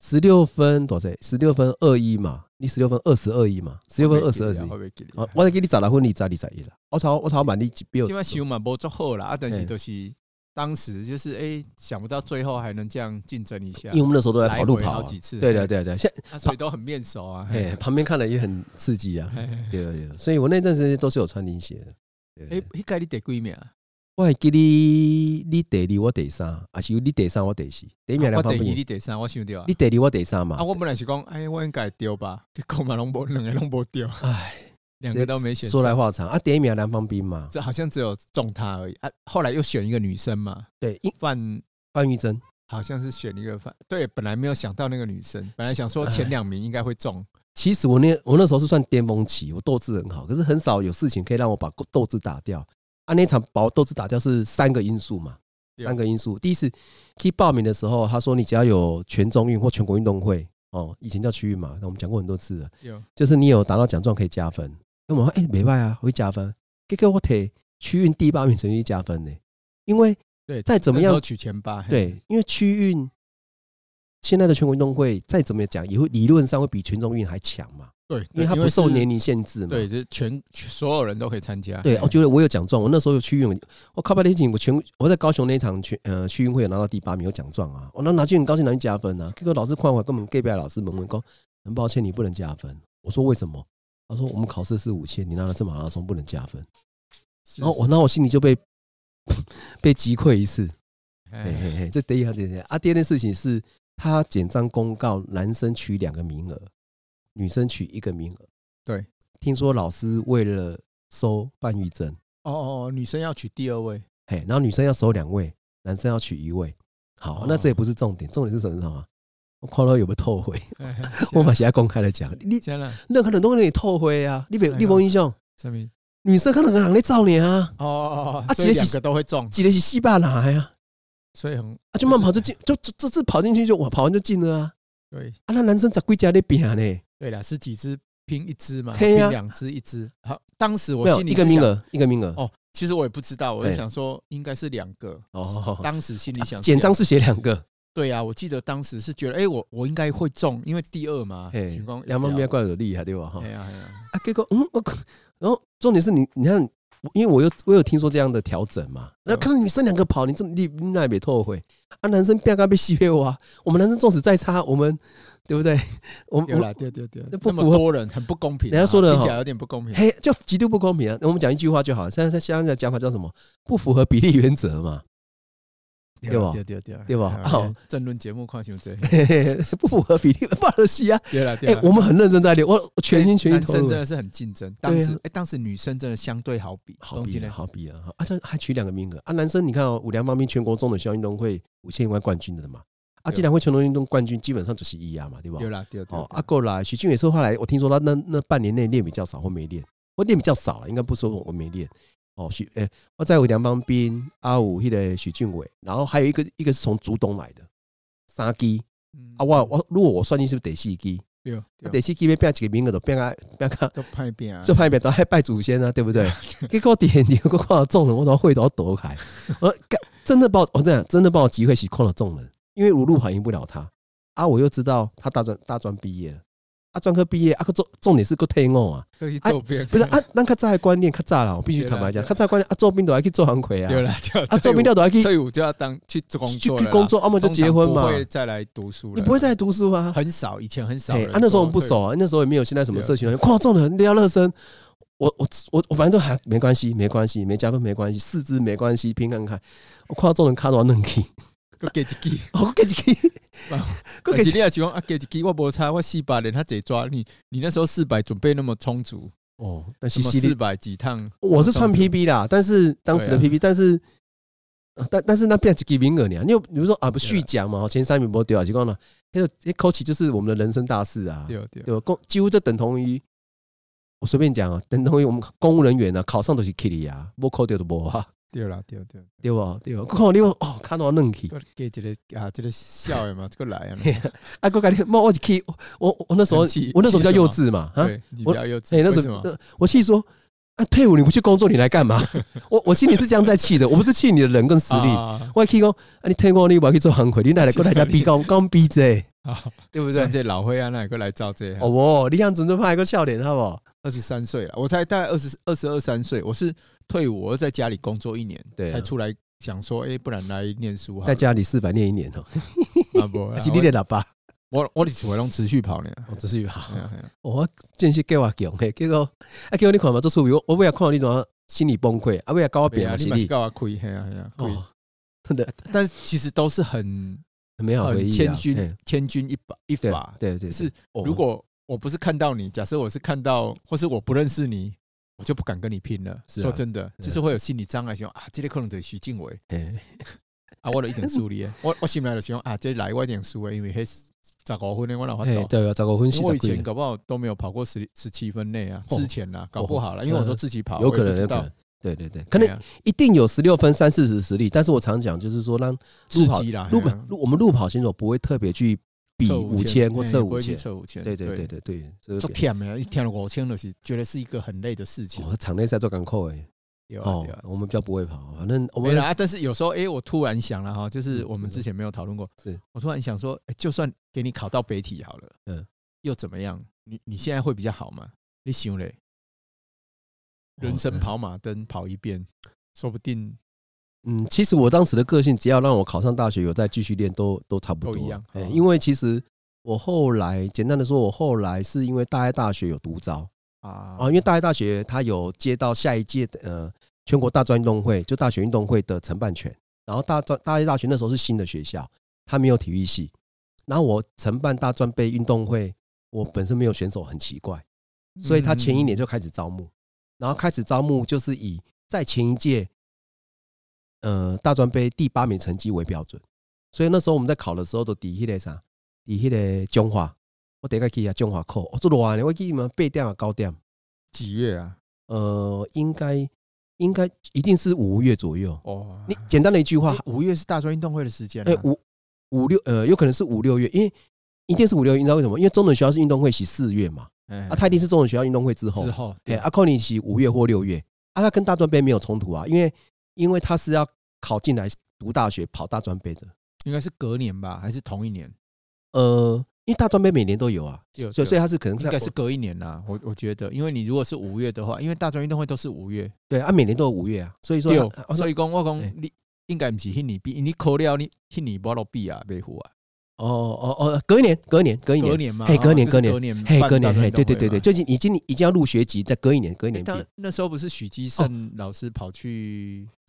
十六分多少？十六分二一嘛，你十六分二十二一嘛，十六分二十二一。我再給你找兩婚禮，找你再贏了。我操我操，滿力幾彪！今晚秀滿波做好了啊，但是都是當時就是哎、欸欸，想不到最後還能這樣競爭一下。因為我們那時候都在跑路跑、啊、幾次，對對對對，現在腿都很面熟啊。哎、欸欸，旁邊看了也很刺激啊。 對了對了，所以我那段時間都是有穿釘鞋的。誒，一、欸、個你得幾名？我還記得你，你第二我第三，還是你第三我第四？第一名我第二、啊，你第三我想着。你第二我第三嘛？啊，我本來是講，哎、欸，我應該對吧？結果嘛攏無兩個攏無掉。唉，兩個都沒選。說來話長，啊，第一名的南方兵嘛，這好像只有中他而已。啊，後來又選一個女生嘛？對，范范玉珍好像是選一個范。對，本來沒有想到那個女生，本來想說前兩名應該會中。其實我那我那時候是算巔峰期，我鬥志很好，可是很少有事情可以讓我把鬥志打掉。啊，那場把鬥志打掉是三個因素嘛？三個因素，第一次去報名的時候，他說你只要有全中運或全國運動會哦，以前叫區運嘛，那我們講過很多次了，有，就是你有拿到獎狀可以加分。那、欸啊、我說哎，沒辦法啊，會加分。給給我提區運第八名成績加分呢、欸，因為對，再怎麼樣取前八，對，因為區運現在的全國運動會再怎麼樣講，也會理論上會比全中運還強嘛。對，對，因為他不受年齡限制嘛。對，是全，全所有人都可以參加。對，我、哦、覺得我有獎狀。我那時候有區運，我靠，八點幾，我全我在高雄那一場全呃區運會有拿到第八名有獎狀啊。我那拿去很高興，拿去加分啊。這個老師誇我，跟我們隔壁老師們問，說、嗯、很抱歉你不能加分。我說為什麼？他說我們考試是五千，你拿的是馬拉松，不能加分。是是哦，然後我那我心裡就被被擊潰一次。嘿嘿嘿，這第一件事情啊，第二件事情是他簡章公告男生取兩個名額。女生取一個名額，對，聽說老師為了收半預證，哦哦，女生要取第二位，嘿，然後女生要收兩位，男生要取一位，好哦哦，那這也不是重點，重點是什麼知道嗎？我看到有沒有透會、欸啊？我把現在公開的講，你講了任何人都可以透會啊，你別、啊、你莫影響。什麼？女生可能個讓你早年啊，哦哦哦,哦、啊，所以兩個都會中，幾的是四百來呀、啊，所以很啊就慢跑就進，就這、是、次跑進去就哇跑完就進了啊，對，啊那男生在歸家在拼呢。對了，是幾隻拼一隻嘛、啊、拼兩隻一隻。好，當時我心裡想沒有一個名額，一個名額哦、喔。其實我也不知道，我就想說應該是兩個哦、欸。當時心裡想、啊，簡章是寫兩個。對呀、啊，我記得當時是覺得，哎、欸，我我應該會中，因為第二嘛。嘿，陽光陽光面怪有厲害對吧？哈、啊。哎呀哎呀。啊，結果嗯，我，然、哦、後重點是你，你看。因為我有我有聽說這樣的調整嘛，那看到女生兩個跑，你這你那也別後悔啊，男生不要剛被欺我啊，我們男生縱使再差，我們對不對？我們,我們對了對了對了，不符合那麼多人很不公平啊。人家說的講有點不公平，嘿，就極度不公平啊！我們講一句話就好了，現在現在香港講法叫什麼？不符合比例原則嘛。對吧？對吧？啊、好，政論節目況就這，不符合比例，不合適啊。對了，哎，我們很認真在練，我全心全意投入。男生真的是很競爭，啊、當時，哎，當時女生真的相對好比，好比好比啊。啊，這、啊、還取兩個名額啊。男生你看哦，五兩方面全國中等學校運動會五千萬冠軍的嘛。啊，這兩個全國運動冠軍基本上就是一亞嘛，對吧？對啦，對哦。阿夠了。許俊也是後來我聽說他那那半年內練比較少或沒練，我練比較少了，應該不說我沒練。哦，許誒，我在有梁邦斌、阿武迄個許俊偉，然後還有一個，一個是從竹東來的三雞，啊我我如果我算進是不是第四雞？對，第四雞要變一個名額，都變啊變啊，做派變做派變都還拜祖先啊，對不對？ 結果點點我看到眾人，我都會都要躲開，我真的幫，我這樣真的幫我機會是看到眾人，因為我路跑贏不了他，阿武又知道他大專大專畢業了。啊，專科畢業啊做，個重重點是個天我啊，不是啊，那個炸觀念，可炸了！我必須坦白講，他炸觀念啊，做兵都還可以做航魁啊，啊，做兵掉都還可以，所以、啊、我，我就要當去去去工作，要麼就結婚嘛。不會再來讀書了，你不會再來讀書啊？很少，以前很少做啊，那時候我們不熟啊，那時候也沒有現在什麼社群，誇眾人你要熱身我我我我反正都還沒關係，沒關係，沒加分沒關係，四肢沒關係，拼看看，誇眾人卡多能聽。給給、哦，一支一支一支你一支我給幾給，我給幾你還喜歡啊？給幾給，我無差，我四百的他只抓你，你那時候四百準備那麼充足哦，但是四百幾趟，我是穿 P B 啦，但是當時的 P B，但是，但、啊啊、但是那變是給名額你因你比如說啊，不續講嘛，前三名不丟啊，就講、是、好那個一考起就是我們的人生大事啊，對對，對吧？幾乎就等同於，我隨便講啊，等同於我們公務人員呢、啊，考上都是 K 裡呀，不考掉的不哈。對了、啊，對，對對了對吧？對吧？我哦，看到我恁起，給個、啊、這個啊，這個笑的嘛，這個來啊！哎，我跟你講，我我我那時候，我那時候比較幼稚嘛，啊，我比較幼稚。那時候，呃、我氣說，啊，退伍你不去工作，你來幹嘛？我我心裡是這樣在氣的，我不是氣你的人跟實力。我氣說，啊，你退伍你不去做行會。你哪來跟大家比高、比矮？對不對？這老灰啊， 啊，哪、啊、來過來造這？哦，你這樣子都拍一個笑臉，好不好？二十三歲了，我才大概二十二、二十三歲。我是退伍，在家裡工作一年，啊、才出來想說，哎，不然來念書，在家裡四百念一年哦。不，而且你的喇叭。我我的腿還能持續跑呢，啊、 我持續跑、哦。我進去給我講，我，果給我你看嘛，做財我，我為了看到你，怎麼心理崩潰，啊，為了我，別人心裡高我，虧，嘿呀嘿呀，真的。但是其實都是很很美好，千鈞千鈞一髮一髮，對對,對對是如果。我不是看到你，假設我是看到，或是我不認識你，我就不敢跟你拼了。說、啊、真的，是啊、就是會有心理障礙，想啊，這裡、個、可能得徐靜偉、啊， 啊，我都已經輸了。我我醒來的就想啊，這裡來快點輸，因為的我嘿，十五分呢，我老看到。對啊，十五分，我以前搞不好都沒有跑過十十七分內啊，哦、之前呢搞不好了，哦、因為我說自己跑，呃、知道有可能，有可對對對，可能、啊、一定有十六分三四十實力，但是我常講就是說，讓路跑，路跑、啊啊啊，我們路跑選手不會特別去。比五千或者五千，對對對對，對，對，對、啊、5, 就做天沒有一了五千了是，覺得是一個很累的事情。我場內在做港口誒，有啊，啊哦、我們比較不會跑，反正沒啦、啊。但是有時候誒、欸，我突然想了哈，就是我們之前沒有討論過，是我突然想說、欸，就算給你考到北體好了，嗯，又怎麼樣？你你現在會比較好嗎？你想嘞，人生跑馬燈跑一遍，說不定。嗯，其實我當時的個性，只要讓我考上大學，有再繼續練，都都差不多。都一樣、嗯欸，因為其實我後來簡單的說，我後來是因為大葉大學有獨招啊，啊，因為大葉大學他有接到下一屆的呃全國大專運動會，就大學運動會的承辦權。然後大專大葉大學那時候是新的學校，他沒有體育系，然後我承辦大專杯運動會，我本身沒有選手，很奇怪，所以他前一年就開始招募，嗯、然後開始招募就是以在前一屆。呃，大專杯第八名成績為標準，所以那時候我們在考的時候都底迄個啥，底迄個中華，我頂個去下中華扣。我做羅啊，我記你們背掉啊，高掉。幾月啊？呃，應該應該一定是五月左右哦。你簡單的一句話，欸，五月是大專運動會的時間，啊。哎，欸，五五六呃，有可能是五六月，因為一定是五六月，你知道為什麼？因為中等學校是運動會是四月嘛，啊，他一定是中等學校運動會之後，之後，欸，啊，看你是五月或六月，啊，他跟大專杯沒有衝突啊，因為因為他是要。跑進來讀大學，跑大專杯的，應該是隔年吧，還是同一年？呃，因為大專杯每年都有啊，所以所以他是可能是應該是隔一年吶、啊。我我覺得，因為你如果是五月的話，因為大專運動會都是五月，對，啊，每年都有五月啊。所以說、哦，所以公外公，你應該唔起聽你，欸、你考了你聽 o 報 o B 啊，北湖啊。哦哦哦，隔一年，隔一年，隔一年，隔年嘿，隔年，啊、隔年，隔年，嘿，隔年，嘿，對對對最近已經已經要入學籍，再隔一年，隔一年。當、欸、那時候不是許基盛老師跑去。哦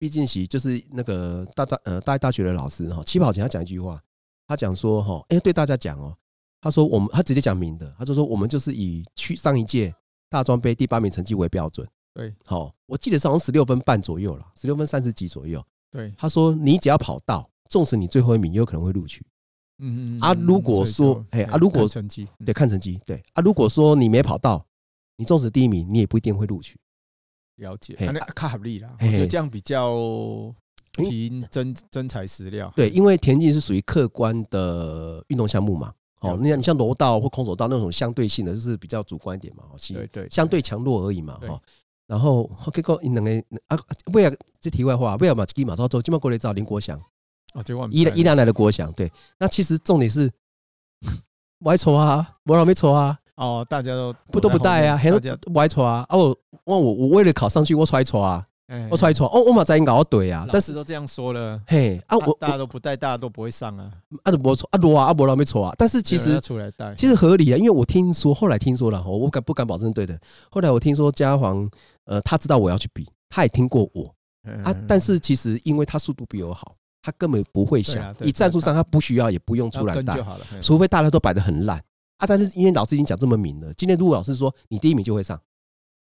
畢竟，喜就是那個大大呃大一大學的老師哈，起跑前他講一句話，他講說哈，哎，對大家講哦，他說我們他直接講明的，他就說我們就是以去上一屆大專杯第八名成績為標準，對，好，我記得是好像十六分半左右了，十六分三十幾左右，對，他說你只要跑到，縱使你最後一名也有可能會錄取，嗯嗯，啊，如果說哎、欸、啊，如果成績對，看成績對啊，如果說你沒跑到，你縱使第一名，你也不一定會錄取。了解，反正卡好力啦、啊，我覺得這樣比較憑真真材實料。對，因為田徑是屬於客觀的運動項目嘛，哦，你像你像柔道或空手道那種相對性的，就是比較主觀一點嘛，哦，其實相對強弱而已嘛，哦，然後 OK 哥，你兩個啊，不，了這題外話，不，了嘛，今馬要，要做今馬過來找林國祥，啊，這外面伊伊來的國祥，對。那其實重點是，沒錯啊，沒錯啊。哦，大家都不都不帶啊，很少都愛錯啊。哦、啊，我我我為了考上去我、啊嗯，我搓一搓啊，我搓一搓。哦，我馬在搞要懟啊，但是都這樣說了，嘿啊，啊，我大家都不帶、啊啊，大家都不會上啊。啊，沒錯，啊對啊，啊對了，沒錯啊對啊啊沒錯啊但是其實、嗯、其實合理啊。因為我聽說，後來聽說了，我不敢不敢保證對的，後來我聽說家黃，呃，他知道我要去比，他也聽過我、嗯、啊。但是其實因為他速度比我好，他根本不會想。以戰術上，他不需要也不用出來打，除非大家都擺得很爛。啊！但是因為老師已經講這麼明了，今天如果老師說你第一名就會上，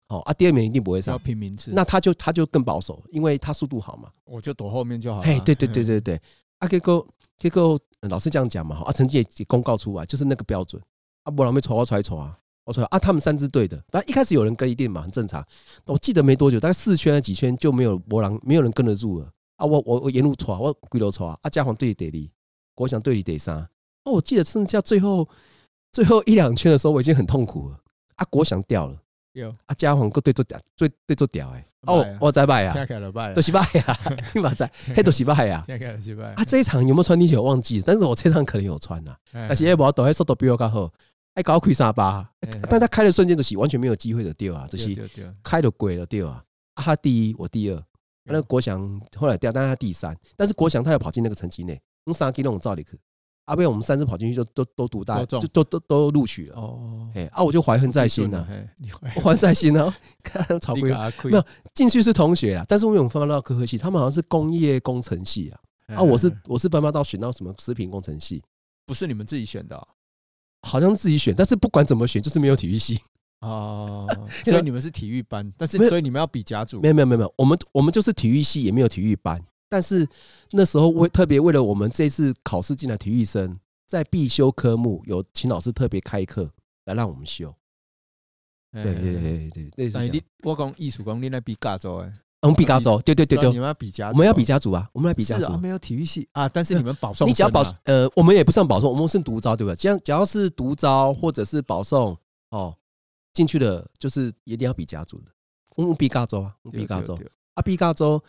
好啊，第二名一定不會上，要拼名次，那他就他就更保守，因為他速度好嘛，我就躲後面就好。嘿，對對對對對，對，啊，結果結果老師這樣講嘛，啊，成績也公告出來，就是那個標準。啊，博朗沒抽我出來抽啊，我說啊，啊，他們三支隊的，但一開始有人跟一定嘛，很正常。我記得沒多久，大概四圈、啊、幾圈就沒有博朗，沒有人跟得住了。啊，我我我沿路抽啊，我龜頭抽啊，啊，嘉皇隊得第一。國翔隊得第三。哦，我記得剩下最後。最後一兩圈的時候，我已經很痛苦了、啊。阿國祥掉了，有阿嘉皇哥對著掉，對對著掉哎！哦，我在敗呀，都是敗 也知 啊。你嘛在，還都是敗呀，啊，這一場有沒有穿釘鞋我忘記了？但是我這一場可能有穿吶、啊，但是因為我都在說速度比我還好，還搞開三八、啊，但他開的瞬間就是完全沒有機會的掉啊，就是開的鬼了掉啊！啊，第一我第二、啊，那個國祥後來掉，但是他第三，但是國祥他又跑進那個成績內，從三級那種罩裡去。阿妹，我們三次跑進去就都都讀大就都，就都都都錄取了。哦嘿啊，我就懷恨在心吶，懷恨在心啊！曹輝，沒有進去是同學啊，但是我沒有分到科科系，他們好像是工業工程系啊。嘿嘿啊我，我是我是班班到選到什麼食品工程系，不是你們自己選的、哦，好像是自己選，但是不管怎麼選，就是沒有體育系、啊、哦， 所以你們是體育班， 但是所以你們要比甲組，沒有沒有，沒有，沒，有沒有，我們我們就是體育系，也沒有體育班。但是那時候為特別為了我們這次考試進來體育生，在必修科目有請老師特別開課來讓我們修。對對對對，是、欸欸欸欸、你我講藝術，講你來比甲組誒，我們比甲組，對對對對，我們要比甲組啊，我們來比甲組，沒有體育系啊，啊，但是你們保送，啊、你只要保呃，我們也不算保送，我們是獨招對吧？只要只要是獨招或者是保送哦，進去了就是一定要比甲組。的，我們比甲組啊，比甲組啊，啊、比甲組。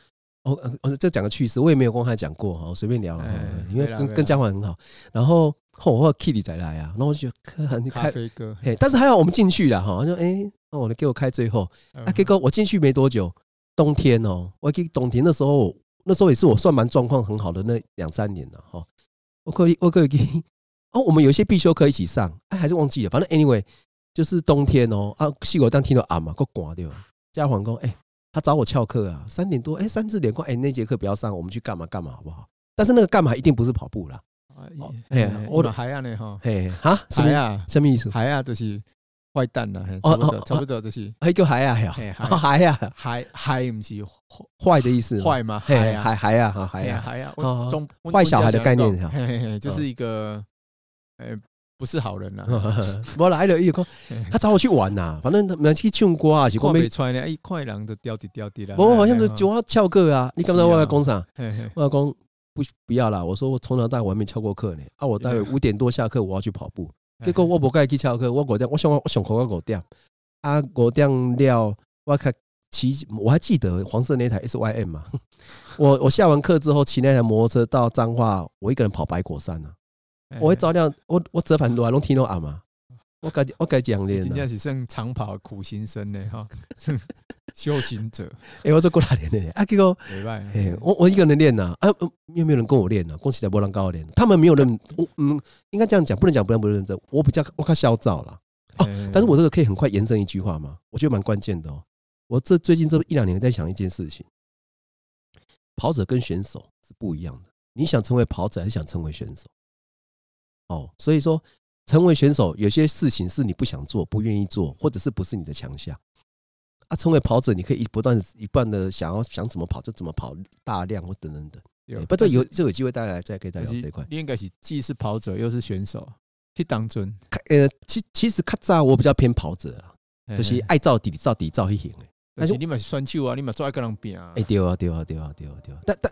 哦，我這講個趣事，我也沒有跟他講過哈，隨便聊，哎、因為跟、哎、跟嘉、哎、環很好。然後後後來 Kitty 再來啊，然後我就開咖啡哥，嘿，但是還好我們進去了哈，他說哎，那我來給我開最後，啊 K 哥，我進去沒多久，冬天哦、喔，我給董婷的時候，那時候也是我算蠻狀況很好的那兩三年了哈，我可以我可以給哦，我們有些必修課一起上，哎，還是忘記了，反正 anyway，就是冬天哦，啊，細狗當天都暗嘛，夠關掉。嘉環說，哎。他找我翹課啊，三點多，三、欸、四點過，哎、欸，那節課不要上，我們去幹嘛幹嘛好不好？但是那個幹嘛一定不是跑步啦。哎，我海啊你哈，嘿，啊，海啊，什麼意思？海啊就是壞蛋了、哦，差不多、哦，差不多就是，還、哦哦哦哦哦、叫海啊？哎，海啊，海海不是壞的意思？壞嗎？海海海啊，海啊海啊，啊哦、中壞小孩的概念、嗯嘿嘿，就是一個，不是好人吶！我來了，一。看他找我去玩吶。反正他沒去唱歌啊，是過梅川咧。哎，快掉地掉地啦。我好像是就、啊哦、要翹課啊！你敢當我老公上？我老公不不要啦！我說我從小到大我還沒翹過課呢啊，我待會五點多下課我要去跑步。結果我不該去翹課，我五點，我想我我上課到五點。啊，五點了！我看騎，我還記得黃色那台 SYM 嘛。我我下完課之後騎那台摩托車到彰化，我一個人跑白果山呢、啊。我會照亮我，我這盤都還攏聽到阿媽，我改、欸、我改講咧，今天只剩長跑苦行僧咧哈，修行者。哎，我做過大連的阿 Q，我我一個人練吶，啊，啊，有沒有人跟我練呢？恭喜在波浪高二連，他們沒有人，我嗯，應該這樣講，不能講不能不認真。我比較我比較囂張了啊，但是我這個可以很快延伸一句話嗎？我覺得蠻關鍵的哦、喔。我這最近這一兩年在想一件事情，跑者跟選手是不一樣的。你想成為跑者還是想成為選手？哦，所以說成為選手，有些事情是你不想做、不願意做，或者是不是你的強項。啊，成為跑者，你可以一不斷、一半的想要想怎麼跑就怎麼跑，大量或等等等。對，不這有就有機會帶來，再可以再聊這一塊。你應該是既是跑者又是選手去當真。呃，其其實卡扎我比較偏跑者啦、啊，就是愛照底照底照一行，但是你嘛是選手啊，你嘛抓一個人變啊。哎，對啊，對啊，對啊，對啊，對啊。但但。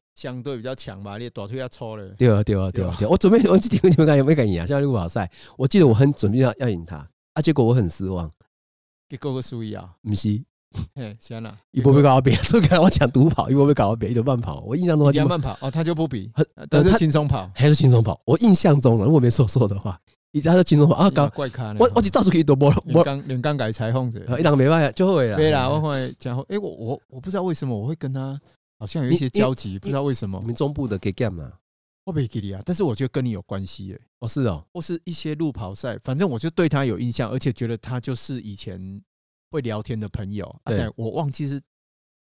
相對比較強吧，你大腿要粗了。對啊，對啊，對啊，對啊！ 我準備，我之前你們看有沒有感應啊？像利物浦賽，我記得我很準備要要贏他啊，結果我很失望。結果個輸啊？唔是，嘿是，哎，行啦，一波被搞到扁，這個我講獨跑，一波被搞到扁，一路慢跑。我印象中就慢跑哦，他就不比，很，但是輕鬆跑還是輕鬆跑。我印象中了，如果沒說錯的話，一直他是輕鬆跑啊，搞怪咖。我我只到處可以躲波，連鋼連剛改採訪者，一兩個沒辦法，就會悔了。對啦，我後來講，誒，我我我不知道為什麼我會跟他。好像有一些交集，不知道為什麼你。你們中部的給幹嘛？我沒給你啊，但是我覺得跟你有關係耶、欸哦。哦是哦，或是一些路跑賽，反正我就對他有印象，而且覺得他就是以前會聊天的朋友。對、啊，但我忘記是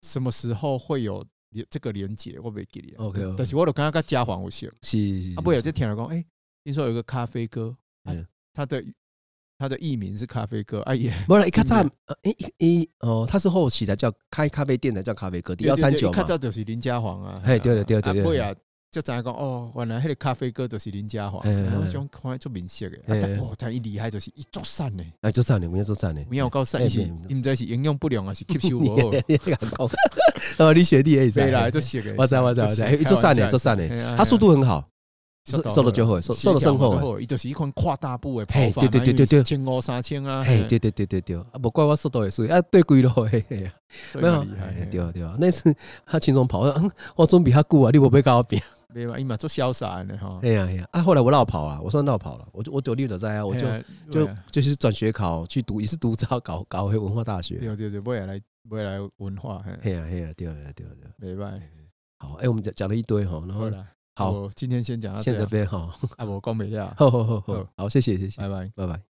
什麼時候會有這個連接，我沒給你。OK，但、okay. 是，就是我都剛剛加黃我寫了。是，是，是啊，不，有在聽了說。說、欸、哎，聽說有個咖啡哥，啊 yeah. 他的。他的藝名是咖啡哥、啊，哎呀，不是，一個在，呃，伊哦，他是後期的，叫開咖啡店的叫咖啡哥，幺三九嘛。看到就是林家煌啊，嘿，對對對對對了。不呀，就講哦，原來那個咖啡哥就是林家煌，我想看做明顯的。哇，他一厲害就是一座山呢，哎，一座山呢，沒有一座山呢，沒有高山。你們這是營養不良還是吸收？你學弟的意思啦，這寫的。哇塞哇塞哇塞，一座山呢，一座山呢，他速度很好。速度就好，速度生活好，伊就是一款跨大步的跑法啊，千五三千啊，對對對對對，啊，無怪我速度會輸，啊，對鬼咯，嘿對沒有，對啊對啊，那次他輕鬆跑，我說，我總比他過啊，你不會跟我比，沒嘛，伊嘛做瀟灑的哈，哎呀哎呀，啊，後來我那跑啊，我算那跑了，我我丟六九三啊，我就就就是轉學考去讀，也是讀招搞搞回文化大學，對對對，未來未來文化，嘿呀嘿呀，對啊對啊對啊，沒辦法，好，哎，我們講講了一堆哈，然後。好，今天先講到這邊哈。哎，我光美亮。好，好，好，好，謝謝，謝謝。拜拜，拜拜。